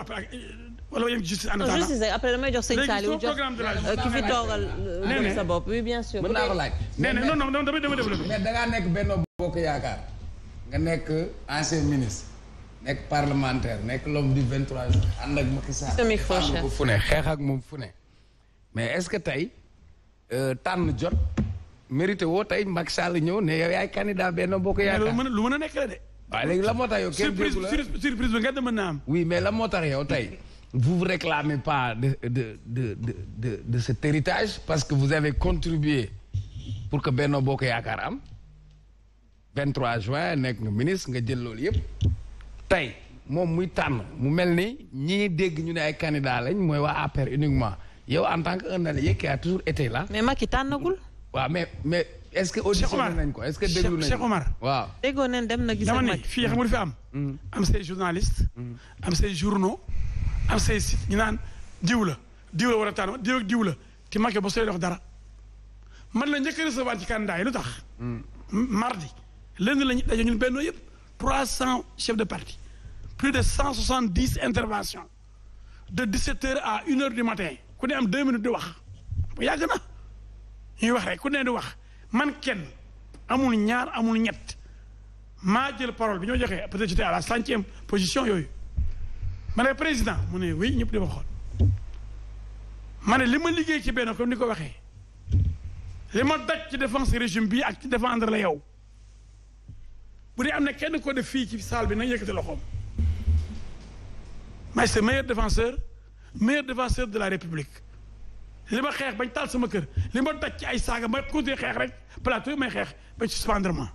après wala ma après damay jox sëñ Saliou euh, jox ki fi toogal. Euh, nee sa bopp oui bien sûr. mën ko nekk Benno Bokk Yaakaar nga nekk ancien ministre. nekk parlementaire nekk l'homme du 23 juin ànd ak Macky Sall. semi ko fu ne xeex ak moom fu ne. mais est-ce que tey euh, tànn jot mérité woo tey Macky Sall ñëw ne yow yaay candidat Benno Bokk Yaakaar. lu mën a nekk la de. waaye léegi la moo tax yow. kenn surprise surprise bi nga dem na am. oui mais la moo tax yow tey. vous vous réclamez pas de de de de de de cet parce que vous avez contribué pour que Benno Bokk Yaakaar am trois juin nekk nga ministre nga jël loolu yëpp tey moom muy tànn mu mel ni ñi dégg ñu ne ay candidats lañ mooy waa APR uniquement yow en tant que un allié qui a toujours été là. mais Macky tànnagul. waaw mais mais. est-ce que auditionné nañ ko est-ce que déglu nañ Cheikh Omar waaw déggoo nañ dem na gis dama ne fii xam nga fi am mm. am say journaliste am say journaux am say site ñu naan diw la diw la war a tànn diw ak diw la te Macky ba sooy dox dara man la njëkk a recevoir ci candidat yi lu tax mm. mardi lundi lañu daje ñun bennoo yëpp trois cent chefs de parti plus de cent soixante dix interventions de dix-sept heures à une heure du matin ku ne am deux minutes di wax bu yàgg na ñuy wax rek ku ne di wax man kenn amul ñaar amul ñett maa jël parole bi ñoo joxee peut-être j'étais à la centième position yooyu ma président mu ne oui ñëpp di ma xool ma ne li ma liggéey ci benn comme ni ko waxee li ma daj ci défense régime bii ak ci défendre la yow bu dee am na kenn ko def fii ci salle bi nañ yëkkati loxoom mais c'est meilleur défenseur meilleur défenseur de la République li ma xeex bañ taal sama kër li ma daj ci ay saaga ma continuer xeex rek plateau yi may xeex bañ suspendre ma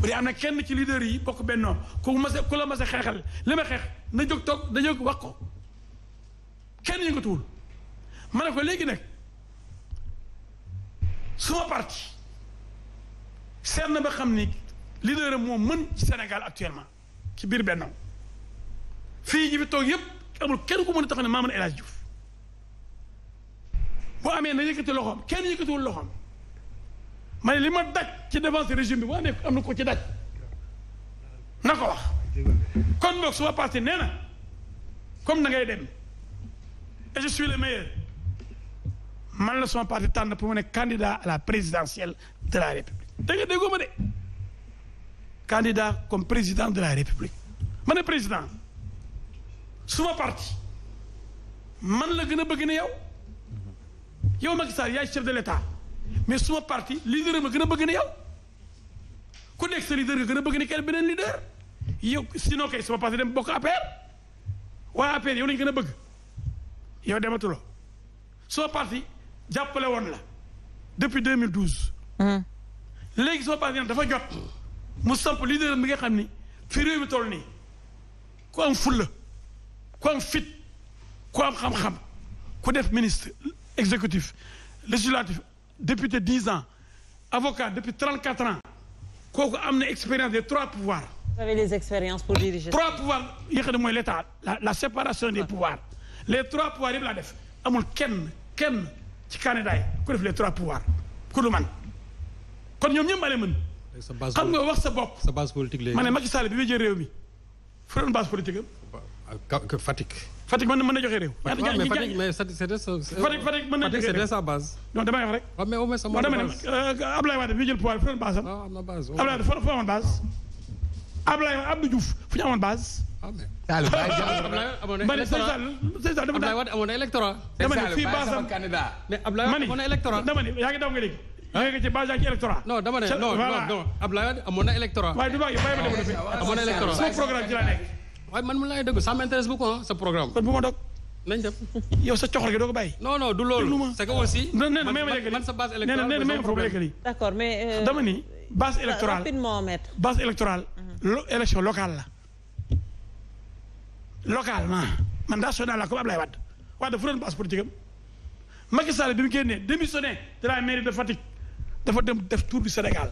bu na kenn ci leader yi bokk bennoo ku mas ku la mas a xeexal li ma xeex na jog toog na jóg wax ko kenn yëngatuwul ma ne ko léegi nag suma parti seet na ba xam ni leader am moo mën ci Sénégal actuellement ci biir bennoo fii ñi tog yëpp yépp amul kenn ku mën a tax ne maa mën El Hadj bu amee na yëkkati loxoom kenn yëkkatiwul loxoom ma ne li ma daj ci défense régime bi bu amee am na ko ci daj na ko wax kon boog suma parti nee na comme na ngay dem et je suis le meilleur man la suma parti tànn pour mu ne candidat à la présidentielle de la république da nga déggoo ma de candidat comme président de la république ma ne président suma parti man la gën a bëgg ne yow yow Macky Sall yaay chef de l' état mais suma parti leader ma gën a bëgg ni yow ku nekk sa leader gën a bëgg ne kenn beneen leader yow si kay suma parti dem bokk APR waa APR yow lañu gën a bëgg yow dematuloo suma parti jàppale woon la depuis 2012. Hmm. léegi suma parti dafa jot mu samp leader mi nga xam ni fi réew mi toll nii ko am fulla ku am fit ku am xam-xam ku def ministre exécutif législatif député dix ans avocat depuis trente quatre ans kooku am na expérience des trois pouvoirs. vous avez les expériences pour trois pouvoirs yi xam ne mooy l'état la la séparation des pouvoirs les trois pouvoirs yëpp laa def amul kenn kenn ci candidat yi ku les trois pouvoirs ku du man kon ñoom ñëpp maa leen mën. xam nga wax sa bopp. sa base politique léegi ma ne Macky Sall bi muy jël réew base politique am. Fatick mën na mën na joxe réew. mais Fatick mën na sa base. non damay wax rek. waaw mais au moins sama base Abdoulaye Wade bi jël pouvoir fu doon base am. waaw am na base Abdoulaye Wade fu amoon base. Ah. Abdoulaye Abdou Diouf fu ñu amoon base. waaw ah, mais. Ah, Saalum Baye waaye man man laay dëgg ça m'intéresse beaucoup sa programme. kon bu ma dog nañ dem. yow sa coxor gi doo ko bàyyi. non non du loolu. c'est que aussi. man man sa base électorale nee na problème d'accord mais. Euh, dama ni base électorale mhm. lo élection locale la. localement man national la comme Ablaye Wade waaye dafa doon base politique am Macky Sall bi mu génnee démissionné de la mairie de Fatick dafa dem def tour bi Sénégal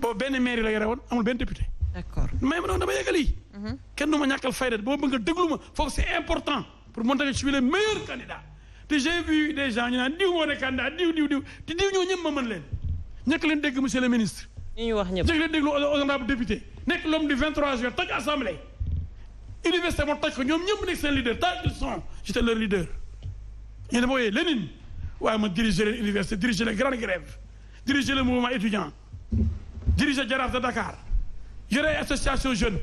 boobu benn mairie la yore woon amul benn député. d'accord may ma noonu dama yeggali. Mhm. kenn du ma ñàkkal fayda boo bëgg nga déglu ma foofu c'est important pour montrer que je suis le meilleur candidat te j'ai vu des gens ñu naan diw moo ne candidat diw diw diw te diw ñoo ñëpp ma mën leen ñàkk leen dégg monsieur le ministre. ñu ngi wax ñëpp ñàkk leen déglu honorable député nekk l'homme du 23 juin toj assemblée. université moo toj ko ñoom ñëpp nekk seen leader tant qu'ils sont j'étais leur leader ñu ne ma wooyee Lénine waaye ma diriger leen université diriger la grande grève diriger le mouvement étudiant diriger Jaraaf de Dakar. yore association jeune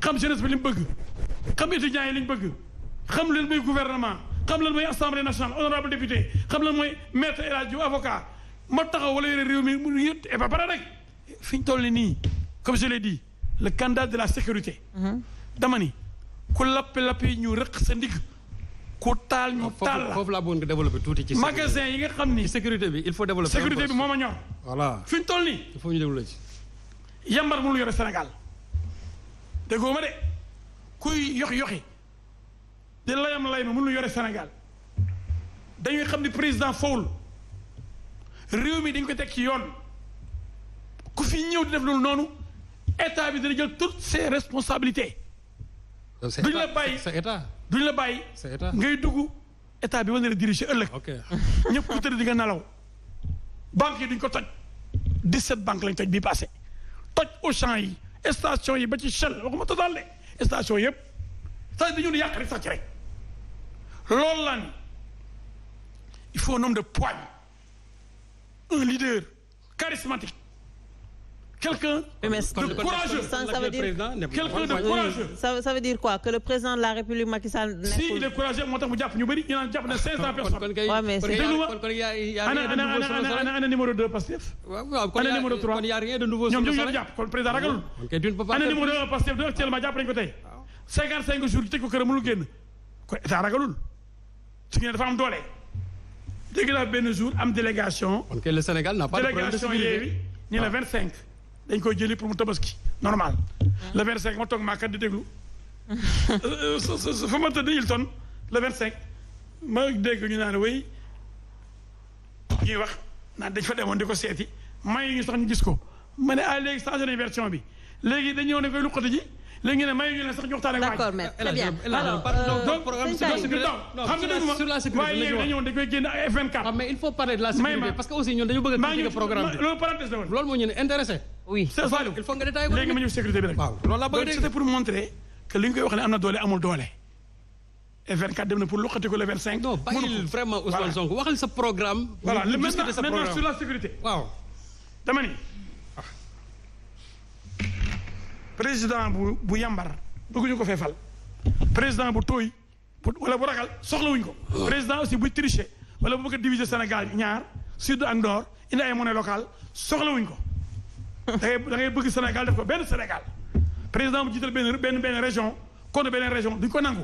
xam jeunesse bi li bëgg xam étudiants yi li ñu bëgg xam lan mooy gouvernement xam lan mooy assemblée nationale honorable député xam lan mooy maître a Hadji avocat ma taxaw wala yore réew mi mu yëpp et ba pare rek fi ñu toll nii comme je l'ai dit le candidat de la sécurité. Mhm. dama ni ku lappi lappi ñu rëq sa ndigg ku taal ñu taal la ci magasin yi nga xam ni. sécurité bi il faut développer sécurité bi moo ma ñor. voilà fi toll nii. yambar mënul yore Sénégal déggoo ma de kuy yoxi yoxi di layam layam mënul yore Sénégal dañuy xam ni président fawul réew mi dañ ko teg ci yoon ku fi ñëw di def loolu noonu état bi dina jël toutes ses responsabilités. duñ la bàyyi duñ la bàyyi. ngay dugg état bi war na la diriger ëllëg. ok ñëpp ku tëdd di nga nalaw. banques yi duñ ko toj 17 banque lañ toj bii passé. toj Auchan yi station yi ba ci Shell waxuma total de station yëpp sa dañu ne yàq rek sax ci rek loolu la il faut un de poigne un leader charismatique quelqu'un de courageux. Ça veut dire quelqu'un de courageux. Ça que le président de la République Macky Sall. si il est courageux moo tax mu jàpp ñu bëri ñu naan jàpp na 500 personnes. waaw mais c'est ana ana ana numéro 2 Pastef. ana numéro 3 ñoom ñu ngi jàpp kon président ragalul. ana numéro 1 Pastef 2 actuellement jàpp nañu ko tey. 55 ah. jours tëj ko këram mënul génn. kon état ragalul. su ñu ne dafa am doole. dégg naa benn jour am délégation. kon le Sénégal n'a pas de problème de sécurité délégation Yewwi ñu ne 25. dañ koy jëli pour mu tabaski normal le 25 ma toog ma tëdd Hilton le 25 ma dégg ñu naan way ñuy wax naan dañ fa demoon di ko seeti may ñu sax ñu gis ko ma ne ah léegi changé nañ bi léegi dañ ñëw koy luqati ji léegi ne may ñu leen sax ñu waxtaan ak waa ji. d'accord donc euh, programme sur la sécurité waaye yéen ah, parce que aussi ñun dañu bëgg a. maa ngi loolu parenthèse la woon loolu moo ñu intéressé. ko léegi ma ñëw sécurité bi nag. pour montrer que li nga koy wax ne am na doole amul doole. et dem na pour loxati ko le 25. non bàyyil vraiment Ousmane Sonko waxal sa programme. voilà maintenant maintenant sur la sécurité. waaw dama ni. président bu bu yambar bëgguñu ko fee fal président bu tooy wala bu ragal soxlawuñu ko. président aussi bu tricher wala bu bëgg a Sénégal ñaar sud ak nord indi ay monnaie locale soxlawuñu ko. da ngay da ngay bëgg Sénégal def ko benn Sénégal président bu jiital benn benn benn région contre benn région duñ ko nangu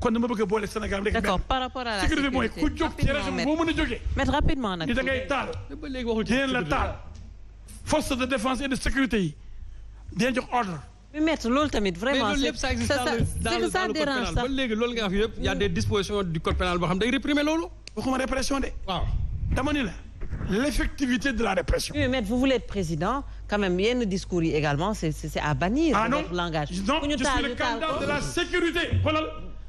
kon dama bëgg a boole Sénégal rek. d'accord par rapport à la sécurité mooy ku jóg ci région boo mën a jógee. mais rapidement nag. ni da ngay taal dinañ la taal force de défense et de sécurité yi dinañ jox ordre. mais maître loolu tamit vraiment c'est ça ça dérange sax ba léegi loolu nga wax yëpp y a des dispositions du code pénal boo xam day réprimer loolu. waxuma répression de. waaw dama ni la l'effectivité de la répression. oui maître vous voulez être président. quand même yenn discours yi également c'est c'est à bannir. ah non langage non je suis le candidat de la sécurité xoolal.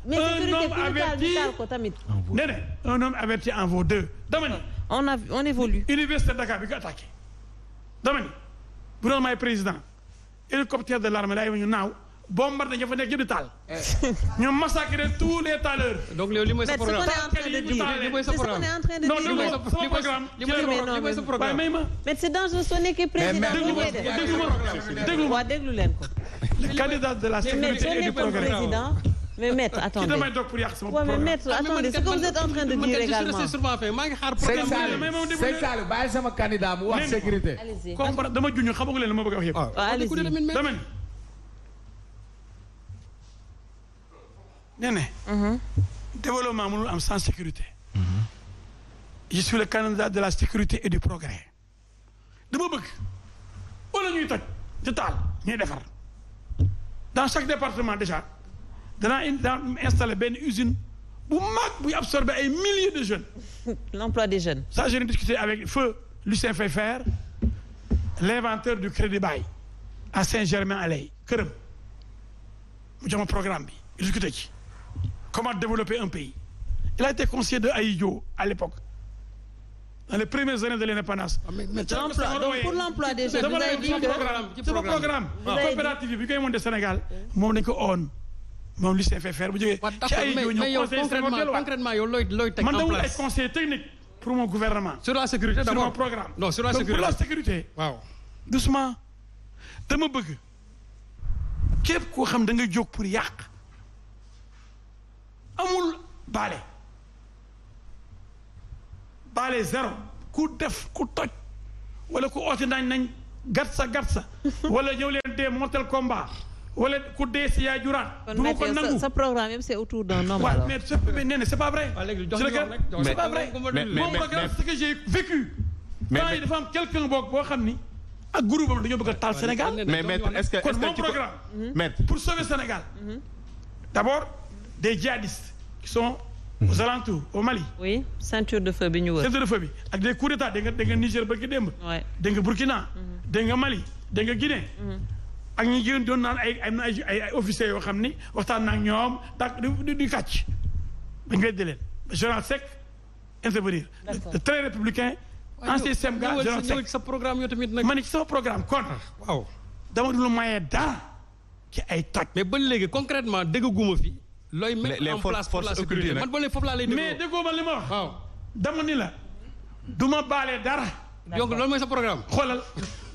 mais sécurité averti ko tamit. nee na un homme averti en vaut deux. dama ni on a on évolue. université Dakar bi ko attaqué dama ni bu doon may président hélicoptère de l'armée laay ñu naaw. bombardé ña fa nekk jënd taal. ñu massacré tous les taaleurs. donc li mooy sa programme li mooy sa programme non li mooy sa programme li mooy sa programme may ma. mais c'est dangereux soo nekkee président déglu ma déglu ma déglu leen ko. candidat de la sécurité et du programme mais maître attendez ki damay toog pour yàq sama programme. Ah, mais maître attendez ce que vous êtes en train de dire également. maa ngi xaar programme bàyyi sama candidat mu wax sécurité. dama juñu xamagu leen li ma bëgg a wax yëpp. Ah. ne ne. développement mënul am sans sécurité. je suis le candidat de la sécurité et du progrès. dama bëgg wala ñuy toj di taal ñuy defar dans chaque département déjà danaa installer benn usine bu mag buy absorber ay milliers de jeunes. l'emploi des jeunes. ça j'ai discuté avec feu Lucien Fayfer l'inventeur du crédit bail à Saint-Germain-en-Laye këram mu jox ma programme bi discuté ci. comment développer un pays il a été conseiller de Aïdjo à l'époque dans les premières années de l'indépendance. Ah, mais mais pour l'emploi des jeunes vous avez dit que sama programme coopérative bi koy monté moom dañu ko moom lycée FFR bu jógee. ci Aïdjo ñëw conseiller man dawul ay conseil technique pour mon gouvernement. sur la sécurité d'abord sur mon programme. non sur la sécurité pour la doucement dama bëgg képp koo xam da nga jóg pour yàq. amul bale baale zéro ku def ku toj wala ku ooti nañ nañ gat sa gat sa wala ñëw leen dee mortel combat wala ku dee si du ma ko nangu sa programme yëpp c'est autour d'un homme alors. mais nee na c'est pas vrai. c'est pas vrai moom la ce que j'ai am quelqu'un boog boo xam ni. ak groupe am dañoo bëgg a taal Sénégal. mais maître est-ce que est-ce que kon pour sauver Sénégal. Mhm. d'abord. des djihadistes qui sont aux alentours Mali. oui ceinture de feu bi ñu wër. ceinture de feu bi ak des coups d'état de nga da nga Niger barki démb. waay da nga Burkina. Mhm. da nga Mali da nga Guinée. Mhm. ak ñi jigéen doon naan ay am ay ay officiers yoo xam ni waxtaan na ak ñoom tak di di kàcc. dañu ngay jëlee général Seck intervenir. le très républicain. ancien sem gars général Seck sa programme yoo tamit nag. ma ci sama programme kon. Ah, waaw dama dul maye dara ci ay tàkk. mais ba léegi concrètement dégguma fi. looy mettre en place pour la sécurité man boole foofu laa lay déggoo mais déggoo ma li ma wax. waaw dama ni la du ma baale dara. donc loolu mooy sa programme. xoolal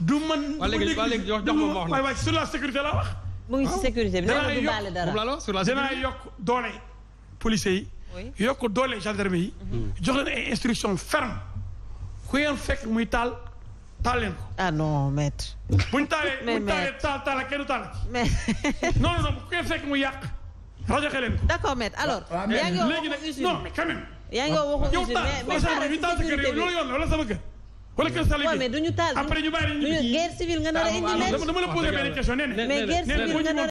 du man. waa léegi waa léegi jox jox ma ma wax la waaye sur la sécurité la wax. mu ngi ci sécurité bi nee du baale dara dinaa yokk doole policiers yi. oui yokk doole gendarmerie yi. Mhm. jox leen ay instructions fermes ku ngeen fekk muy taal taal leen ko. ah non maître. bu ñu taalee bu ñu taalee taal taal kenn du taal. mais non non ku ngeen fekk muy yàq. rajoxe leen ko. d'accord maître alors. yaa ngi wax waxu usine non mais quand même. yaa ngi wax waxu usine kër. wala taal après ñu bàyyi ñu guerre nga nar a ah, indi leen dama nga nar